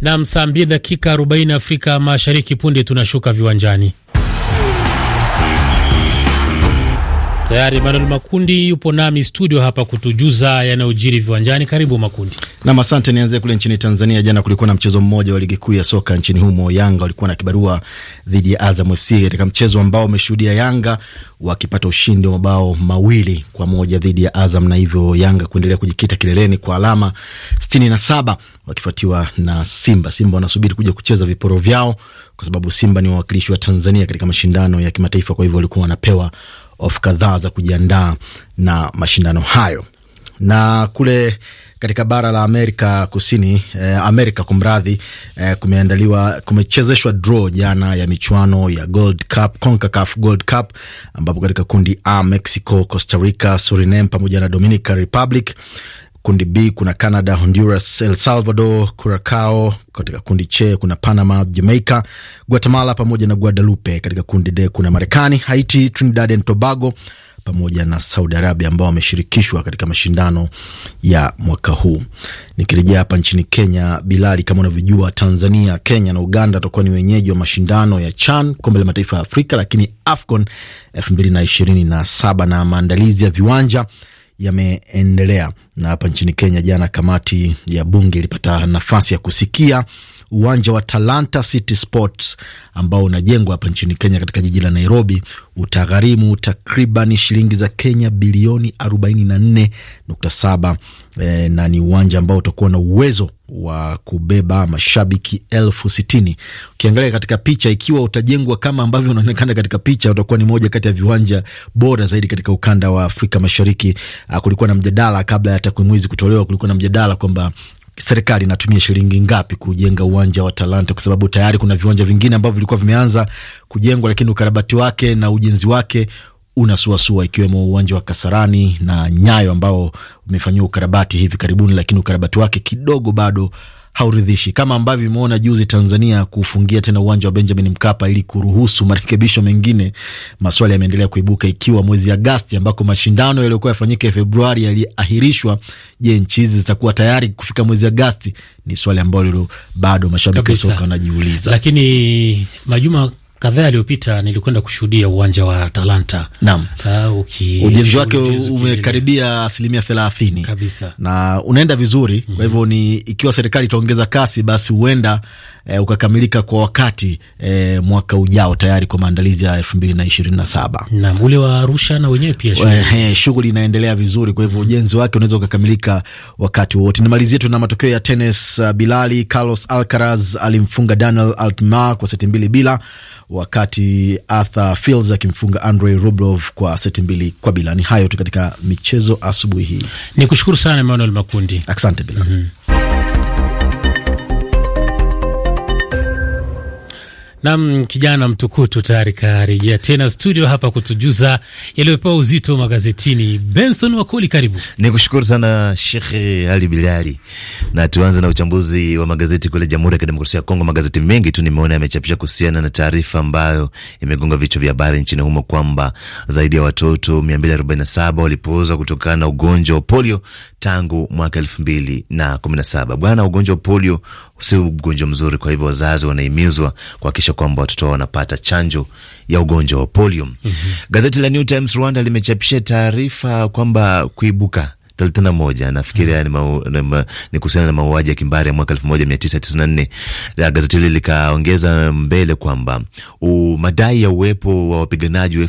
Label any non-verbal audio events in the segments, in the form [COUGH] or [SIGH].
Nam, saa mbili dakika 40 Afrika Mashariki. Punde tunashuka viwanjani. Tayari Manuel Makundi yupo nami studio hapa kutujuza yanayojiri viwanjani. Karibu Makundi. Nam, asante. Nianzie kule nchini Tanzania. Jana kulikuwa na mchezo mmoja wa ligi kuu ya soka nchini humo. Yanga walikuwa na kibarua dhidi ya Azam FC katika mchezo ambao umeshuhudia Yanga wakipata ushindi wa mabao mawili kwa moja dhidi ya Azam, na hivyo Yanga kuendelea kujikita kileleni kwa alama sitini na saba wakifuatiwa na Simba. Simba wanasubiri kuja kucheza viporo vyao kwa sababu Simba ni wawakilishi wa Tanzania katika mashindano ya kimataifa, kwa hivyo walikuwa wanapewa of kadhaa za kujiandaa na mashindano hayo. Na kule katika bara la Amerika Kusini eh, Amerika kumradhi, eh, kumeandaliwa kumechezeshwa draw jana ya michuano ya Gold Cup, CONCACAF Gold Cup, ambapo katika kundi A Mexico, Costa Rica, Suriname pamoja na Dominican Republic Kundi B kuna Canada, Honduras, el Salvador, Curacao. Katika kundi C kuna Panama, Jamaica, Guatemala pamoja na Guadalupe. Katika kundi D kuna Marekani, Haiti, Trinidad and Tobago pamoja na Saudi Arabia ambao wameshirikishwa katika mashindano ya mwaka huu. Nikirejea hapa nchini Kenya, Bilali, kama unavyojua, Tanzania, Kenya na Uganda watakuwa ni wenyeji wa mashindano ya CHAN, kombe la mataifa ya Afrika, lakini AFCON elfu mbili na ishirini na saba na maandalizi ya viwanja yameendelea. Na hapa nchini Kenya, jana kamati ya bunge ilipata nafasi ya kusikia uwanja wa Talanta City Sports ambao unajengwa hapa nchini Kenya katika jiji la Nairobi utagharimu takriban shilingi za Kenya bilioni 44.7 e, na ni uwanja ambao utakuwa na uwezo wa kubeba mashabiki elfu sitini. Ukiangalia katika picha, ikiwa utajengwa kama ambavyo unaonekana katika picha, utakuwa ni moja kati ya viwanja bora zaidi katika ukanda wa Afrika Mashariki. Ah, kulikuwa na mjadala kabla ya takwimu hizi kutolewa, kulikuwa na mjadala kwamba serikali inatumia shilingi ngapi kujenga uwanja wa Talanta, kwa sababu tayari kuna viwanja vingine ambavyo vilikuwa vimeanza kujengwa, lakini ukarabati wake na ujenzi wake unasuasua, ikiwemo uwanja wa Kasarani na Nyayo ambao umefanyiwa ukarabati hivi karibuni, lakini ukarabati wake kidogo bado hauridhishi kama ambavyo imeona juzi Tanzania kufungia tena uwanja wa Benjamin Mkapa ili kuruhusu marekebisho mengine. Maswali yameendelea kuibuka ikiwa mwezi Agasti ambako mashindano yaliyokuwa yafanyike Februari yaliahirishwa, je, nchi hizi zitakuwa tayari kufika mwezi Agasti? Ni swali ambalo bado mashabiki wa soka wanajiuliza. Lakini Majuma, kadhaa yaliyopita nilikwenda kushuhudia uwanja wa talanta Naam, ah, ujenzi wake umekaribia asilimia thelathini kabisa na unaenda vizuri. mm -hmm. Kwa mhm. hivyo ni ikiwa serikali itaongeza kasi, basi huenda e, ukakamilika kwa wakati e, mwaka ujao tayari kwa maandalizi ya elfu mbili na ishirini na saba. Naam, ule wa Arusha na wenyewe pia eh, shughuli inaendelea vizuri, kwa hivyo ujenzi wake unaweza ukakamilika wakati wowote. Nimalizie tu na matokeo ya tenis. Uh, Bilali Carlos Alcaraz alimfunga Daniel Altmaier kwa seti mbili bila, wakati Arthur Fils akimfunga Andrey Rublev kwa seti mbili kwa bila. Ni hayo tu katika michezo asubuhi hii. Ni kushukuru sana Emmanuel Makundi, asante bila. mm -hmm. Nam kijana mtukutu tayari karejea tena studio hapa kutujuza yaliyopewa uzito magazetini. Benson Wakoli, karibu. Ni kushukuru sana Shekhe Ali Bilali, na tuanze na uchambuzi wa magazeti kule Jamhuri ya Kidemokrasia ya Kongo. Magazeti mengi tu nimeona yamechapisha kuhusiana na taarifa ambayo imegonga vichwa vya habari nchini humo kwamba zaidi ya watoto 247 walipoozwa kutokana na ugonjwa wa polio tangu mwaka elfu mbili na na kumi saba. Bwana, ugonjwa wa polio si ugonjwa mzuri, kwa hivyo wazazi wanahimizwa kwa kisha kuhakikisha kwamba watoto wanapata chanjo ya ugonjwa wa polio. mm -hmm. Gazeti la New Times Rwanda limechapisha taarifa kwamba kuibuka thelathini na moja nafikiri mm. ni, ni, ni kuhusiana na mauaji ya kimbari ya mwaka elfu moja mia tisa tisini na nne. Gazeti hili likaongeza mbele kwamba madai ya uwepo wa wapiganaji wa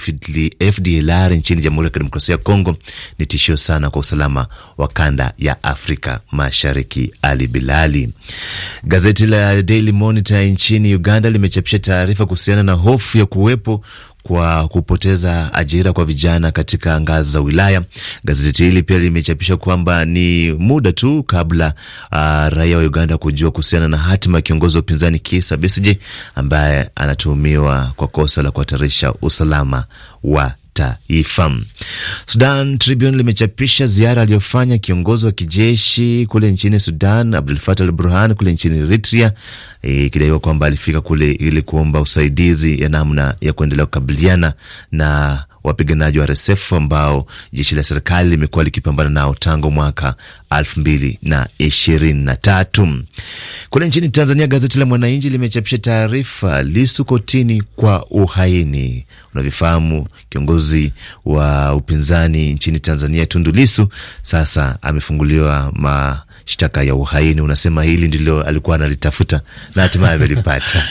FDLR nchini Jamhuri ya Kidemokrasia ya Kongo ni tishio sana kwa usalama wa kanda ya Afrika Mashariki. Ali Bilali. Gazeti la Daily Monitor nchini Uganda limechapisha taarifa kuhusiana na hofu ya kuwepo kwa kupoteza ajira kwa vijana katika ngazi za wilaya. Gazeti hili pia limechapisha kwamba ni muda tu kabla uh, raia wa Uganda kujua kuhusiana na hatima ya kiongozi wa upinzani Kizza Besigye ambaye anatuhumiwa kwa kosa la kuhatarisha usalama wa taifa. Sudan Tribune limechapisha ziara aliyofanya kiongozi wa kijeshi kule nchini Sudan, Abdul Fatah al Burhan kule nchini Eritrea, ikidaiwa e, kwamba alifika kule ili kuomba usaidizi ya namna ya kuendelea kukabiliana na wapiganaji wa RSF ambao jeshi la serikali limekuwa likipambana nao tangu mwaka elfu Kule nchini Tanzania, gazeti la Mwananchi limechapisha taarifa Lisu kotini kwa uhaini. Unavyofahamu, kiongozi wa upinzani nchini Tanzania Tundu Lisu sasa amefunguliwa ma shtaka ya uhaini. Unasema hili ndilo alikuwa analitafuta na hatimaye amelipata.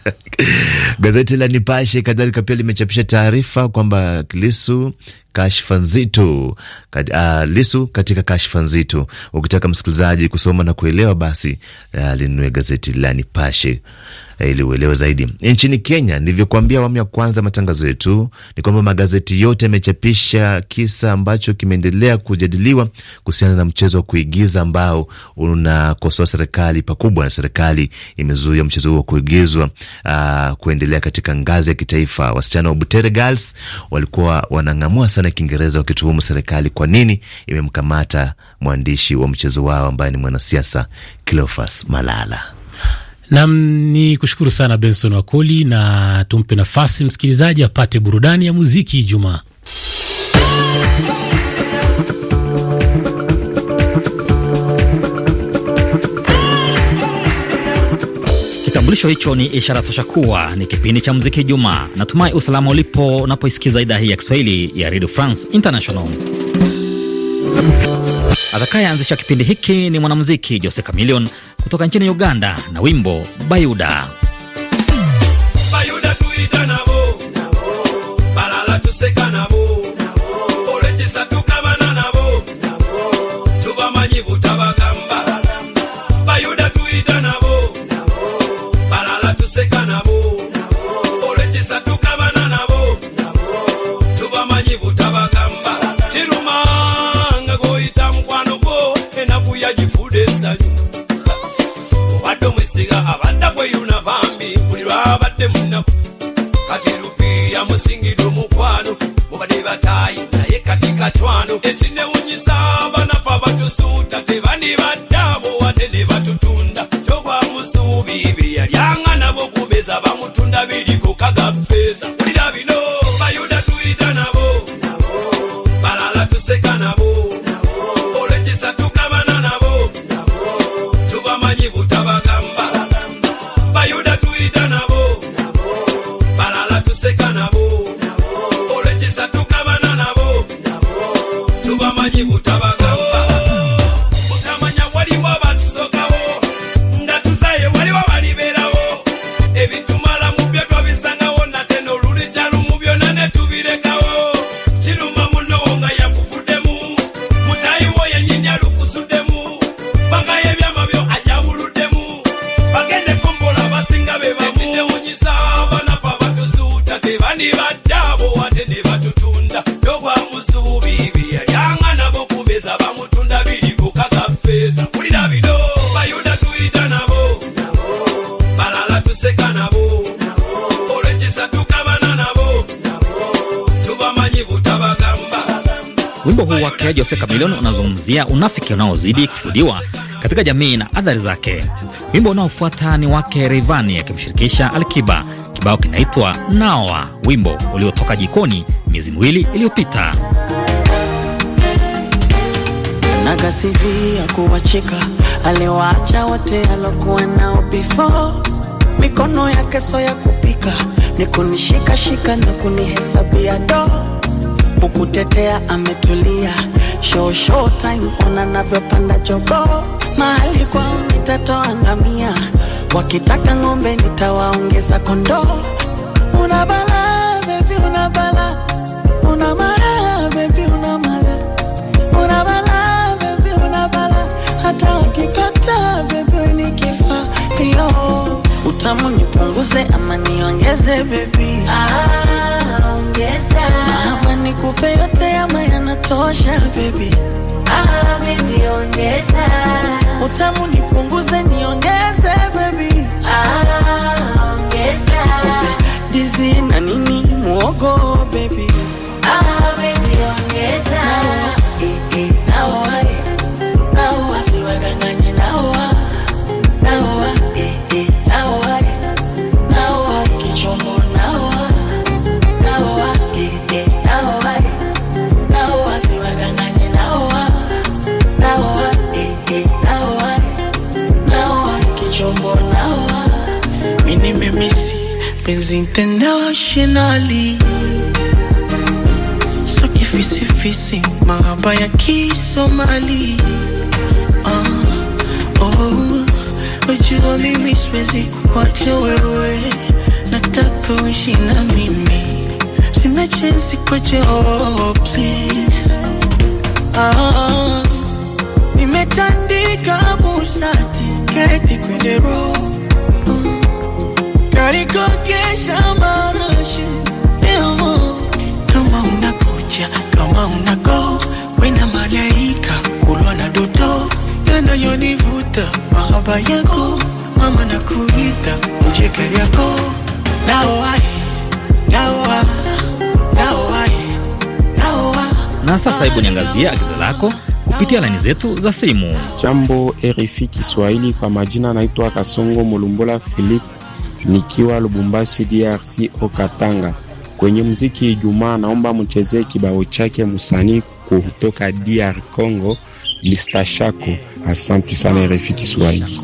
[LAUGHS] Gazeti la Nipashe kadhalika pia limechapisha taarifa kwamba Lissu kashfa nzito Kat, uh, ah, Lisu katika kashfa nzito. Ukitaka msikilizaji kusoma na kuelewa, basi uh, linunue gazeti la Nipashe eh, ili uelewe zaidi. Nchini Kenya, nilivyokuambia awamu ya kwanza matangazo yetu, ni kwamba magazeti yote yamechapisha kisa ambacho kimeendelea kujadiliwa kuhusiana na mchezo wa kuigiza ambao unakosoa serikali pakubwa, na serikali imezuia mchezo huo kuigizwa ah, kuendelea katika ngazi ya kitaifa. Wasichana wa Butere Girls walikuwa wanang'amua sana ya Kiingereza wakituhumu serikali kwa nini imemkamata mwandishi wa mchezo wao ambaye ni mwanasiasa Cleophas Malala. Nam ni kushukuru sana Benson Wakoli, na tumpe nafasi msikilizaji apate burudani ya muziki Ijumaa. Kitambulisho hicho ni ishara tosha kuwa ni kipindi cha muziki Ijumaa. Natumai usalama ulipo unapoisikiza idhaa hii ya Kiswahili ya Radio France International. Atakayeanzisha kipindi hiki ni mwanamuziki Jose Camilion kutoka nchini Uganda na wimbo Bayuda. Bayuda bamanyi butabagamba kirumanga goyita mukwano gwo enaku yagifuda esanyu obadde omwesiga abadda gweyuna bambi buli lwabadde munaku kati lupiya musingira omukwano mubadde batayi naye kati kacwano ekinewunyisa abanafu abatusuuta tebandibadde abo wadde ne batutunda togwamusuubi bye yalyanga nabo okumeza bamutunda biriko huu wake Jose Chameleone unazungumzia unafiki unaozidi kushuhudiwa katika jamii na athari zake. Wimbo unaofuata ni wake Rayvanny akimshirikisha Alikiba, kibao kinaitwa Nawa, wimbo uliotoka jikoni miezi miwili iliyopita. ya kuwachika aliwaacha wote alokuwa nao before mikono yake so ya kupika ni kunishikashika na kunihesabia do kukutetea ametulia. Show show time, ona navyopanda jogoo, mahali kwa nitatoa ngamia, wakitaka ng'ombe nitawaongeza kondoo. Una bala baby, una bala, una mara baby, una mara, una bala baby, una bala, hata wakikata baby nikifa yo utamu nipunguze ama niongeze baby, ah, ongeza nikupe yote ama yanatosha baby? Ah, mimi ongeza. Utamu nipunguze niongeze baby. Ah, ongeza. dizi na nini muogo baby? Ah, mimi ongeza. na mapenzi internationally soki fisifisi maraba ya Kisomali ah, oh, wajua mimi siwezi kuacha wewe, nataka uishi na mimi, sina chensi kwacha oh, please ah, nimetandika busati keti kwenye roho Shawty marashi Emo Kama kama unako Wena malaika, kulwa na doto Yanayonivuta, mahaba yako Mama nakuita, Na sasa hebu niangazia agizo lako kupitia laini zetu za simu. Jambo RFI Kiswahili, kwa majina naitwa Kasongo Mulumbula Philip nikiwa Lubumbashi, DRC Okatanga kwenye muziki Ijumaa. Naomba mchezee kibao chake msanii kutoka DR Congo, Mr. Shako. Asante sana rafiki Kiswahili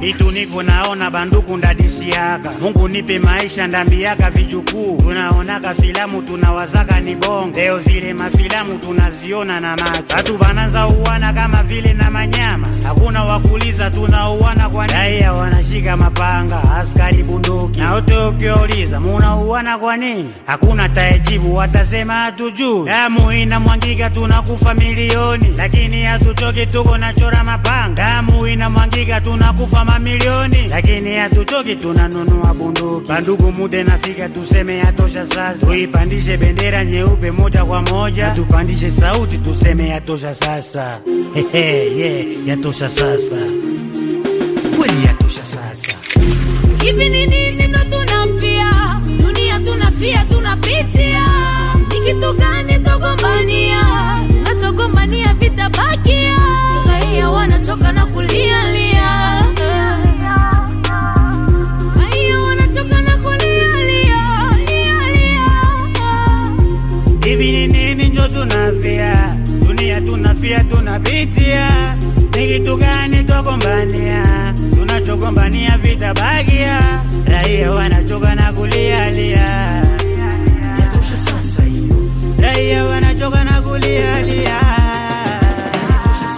vitu naona banduku ndadisiaka Mungu nipe maisha ndambiaka vijukuu tunaonaka filamu tunawazaka ni bongo leo zile mafilamu tunaziona na macho watu bananza uwana kama vile na manyama hakuna wakuliza tunauana kwa nini raia wanashika mapanga askari bunduki na ukioliza muna munauana kwa nini hakuna taejibu watasema hatujui damu ina mwangika tunakufa milioni lakini hatuchoki tuko nachora mapanga Damu inamwangika, tunakufa mamilioni, lakini hatuchoki, tunanunua bunduki. Bandugu, muda nafika, tuseme yatosha sasa. Tuipandishe bendera nyeupe moja kwa moja, tupandishe sauti, tuseme yatosha sasa. Hehe, yeah, yatosha sasa, kweli yatosha sasa. Hivi ni nini ndo tunafia? Dunia tunafia, tunapitia ni kitu gani togombania? Nachogombania vitabakia wanachoka na kulialia hivi ni nini njo tunafia dunia tunafia tunapitia ni kitu gani twagombania tunachogombania vitabagia raia wanachoka na kulialia yatosha sasa raia wanachoka na kulialia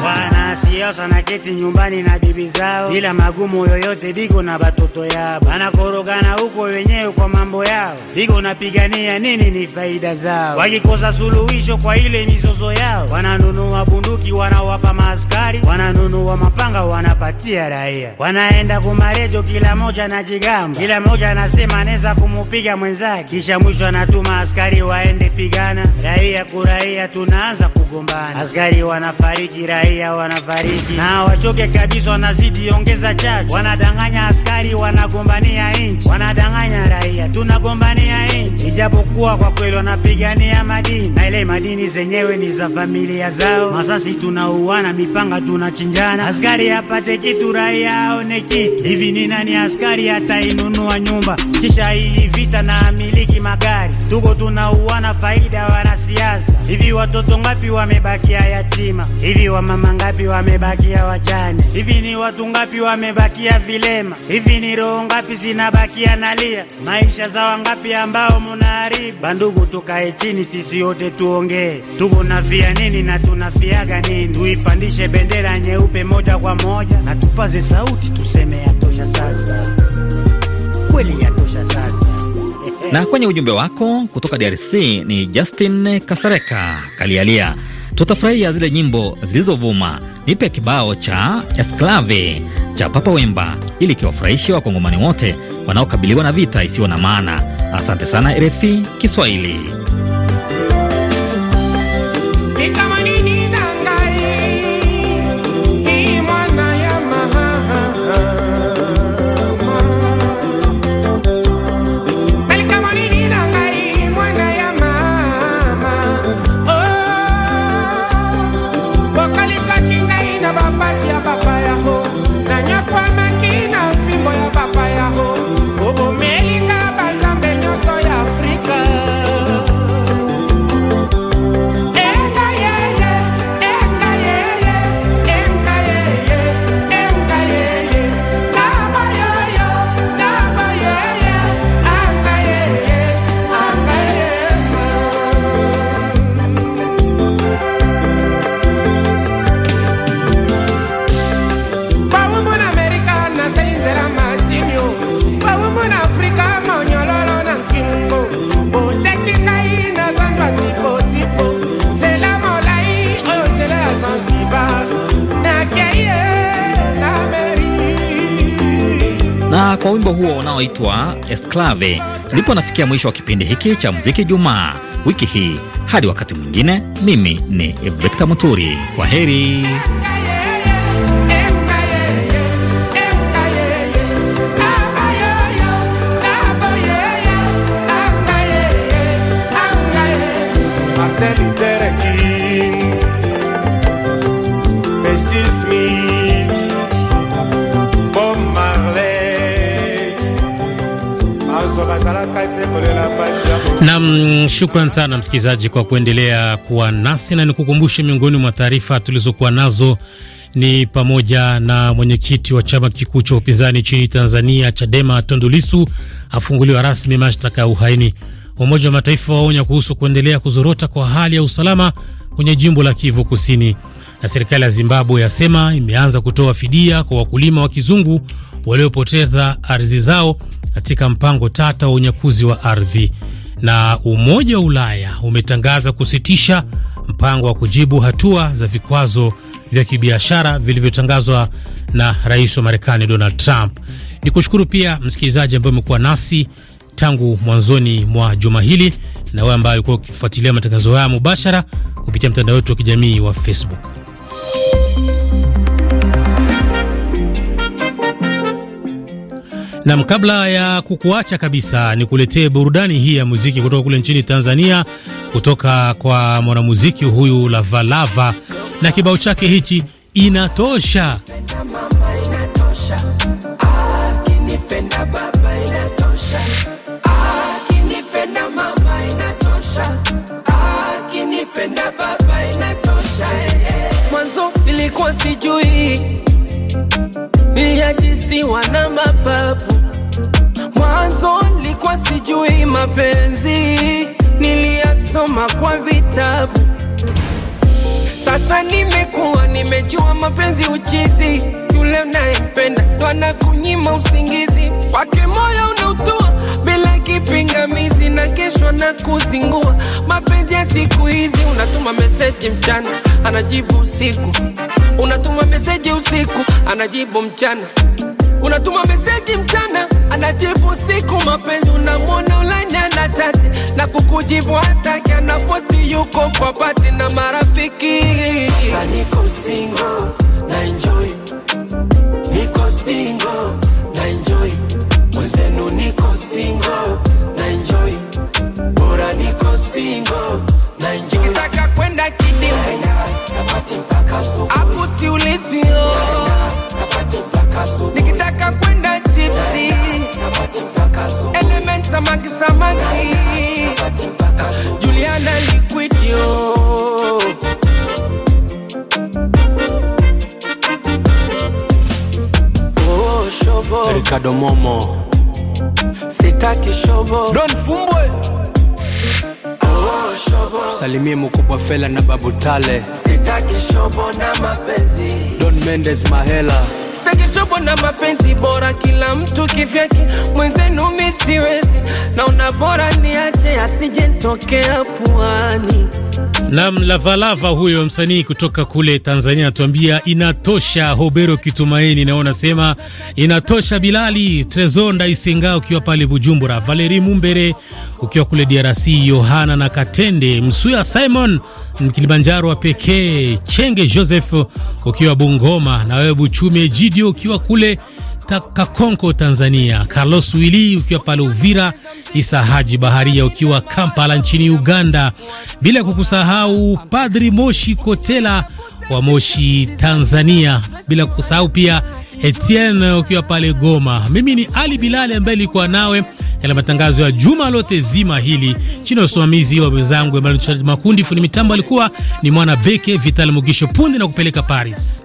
wanasi wakiosa na keti nyumbani na bibi zao bila magumu yoyote, biko na batoto yao wanakorogana huko wenyewe kwa mambo yao, biko napigania nini? Ni faida zao. Wakikosa suluhisho kwa ile mizozo yao, wananunua bunduki wanawapa maaskari, wananunua mapanga wanapatia raia, wanaenda kumarejo, kila moja na jigamba, kila moja anasema anaweza kumupiga mwenzake, kisha mwisho anatuma askari waende pigana, raia kuraia, tunaanza kugombana, askari wanafariki, raia wanafariki magharibi na wachoke kabisa, wanazidi ongeza chachu, wanadanganya askari, wanagombania inchi, wanadanganya raia, tunagombania inchi, ijapokuwa kwa kweli wanapigania madini na ile madini zenyewe ni za familia zao. Masasi tunauana, mipanga tunachinjana, askari apate kitu, raia aone kitu. Hivi ni nani askari atainunua nyumba? Kisha hii vita na amiliki magari, tuko tunauana faida wanasiasa. Hivi watoto ngapi wamebakia yatima? Hivi wamama ngapi wamebakia wajane? Hivi ni watu ngapi wamebakia vilema? Hivi ni roho ngapi zinabakia nalia? Maisha za wangapi ambao munaharibu? Bandugu, tukae chini sisi wote tuongee, tuko nafia nini na tunafiaga nini? Tuipandishe bendera nyeupe moja kwa moja na tupaze sauti tuseme, yatosha sasa, kweli yatosha sasa. Na kwenye ujumbe wako kutoka DRC ni Justin Kasareka Kalialia, tutafurahia zile nyimbo zilizovuma. Nipe kibao cha Esklave cha Papa Wemba ili kiwafurahishe wakongomani wote wanaokabiliwa na vita isiyo na maana. Asante sana RFI Kiswahili. unaoitwa esklave Ndipo nafikia mwisho wa kipindi hiki cha muziki Jumaa wiki hii. Hadi wakati mwingine, mimi ni Victor Muturi. Kwa heri. Nam, shukran sana msikilizaji kwa kuendelea kuwa nasi, na nikukumbushe miongoni mwa taarifa tulizokuwa nazo ni pamoja na mwenyekiti wa chama kikuu cha upinzani nchini Tanzania Chadema Tundu Lissu afunguliwa rasmi mashtaka ya uhaini. Umoja wa Mataifa waonya kuhusu kuendelea kuzorota kwa hali ya usalama kwenye jimbo la Kivu Kusini, na serikali ya Zimbabwe yasema imeanza kutoa fidia kwa wakulima wa kizungu waliopoteza ardhi zao katika mpango tata wa unyakuzi wa ardhi. Na Umoja wa Ulaya umetangaza kusitisha mpango wa kujibu hatua za vikwazo vya kibiashara vilivyotangazwa na rais wa Marekani Donald Trump. Ni kushukuru pia msikilizaji ambaye umekuwa nasi tangu mwanzoni mwa juma hili na wewe ambaye ulikuwa ukifuatilia matangazo haya mubashara kupitia mtandao wetu wa kijamii wa Facebook. Nam, kabla ya kukuacha kabisa, nikuletee burudani hii ya muziki kutoka kule nchini Tanzania, kutoka kwa mwanamuziki huyu Lavalava na kibao chake hichi inatosha. Mwanzo nilikuwa sijui mia wana mapapu mawazo nilikuwa sijui mapenzi, niliyasoma kwa vitabu. Sasa nimekuwa nimejua mapenzi uchizi, yule unayempenda ndo anakunyima usingizi, kwake moyo unautua bila kipingamizi, na kesho na kuzingua. Mapenzi ya siku hizi, unatuma meseji mchana, anajibu usiku, unatuma meseji usiku, anajibu mchana Unatuma meseji mchana, anajibu siku mapenzi. Unamwona online anachati na kukujibu hata hataki, posti, yuko kwa pati na marafiki. Sasa niko single na enjoy, niko single na enjoy, mwenzenu niko single na enjoy, bora niko single na enjoy, kitaka kwenda kidimbwi napati mpaka asubuhi, akusiulizwi oh nikitaka kwenda tipsi element samaki samaki Juliana liquid yo oh, Ricardo Momo sitaki shobo Don Fumbwe oh, Salimie mkubwa Fela na Babu Tale sitaki shobo na mapenzi Don Mendes Mahela sitaki chobo na mapenzi bora, kila mtu kivyake, mwenzenu misiwezi, naona bora niache asije nitokea puani. Nam Lavalava huyo msanii kutoka kule Tanzania anatuambia inatosha. Hobero Kitumaini nao nasema inatosha. Bilali Tresor Ndaisenga ukiwa pale Bujumbura, Valeri Mumbere ukiwa kule DRC, Yohana na Katende Msuya, Simon Mkilimanjaro wa pekee, Chenge Joseph ukiwa Bungoma, na wewe Buchume Jidio ukiwa kule Kakonko Tanzania, Carlos Wili ukiwa pale Uvira, Isa Haji Baharia ukiwa Kampala nchini Uganda, bila kukusahau Padri Moshi Kotela wa Moshi Tanzania, bila kukusahau pia Etienne ukiwa pale Goma. Mimi ni Ali Bilali ambaye nilikuwa nawe yale matangazo ya juma lote zima hili chini ya usimamizi wa wenzangu Makundi. Fundi mitambo alikuwa ni mwana Beke Vital Mugisho punde na kupeleka Paris.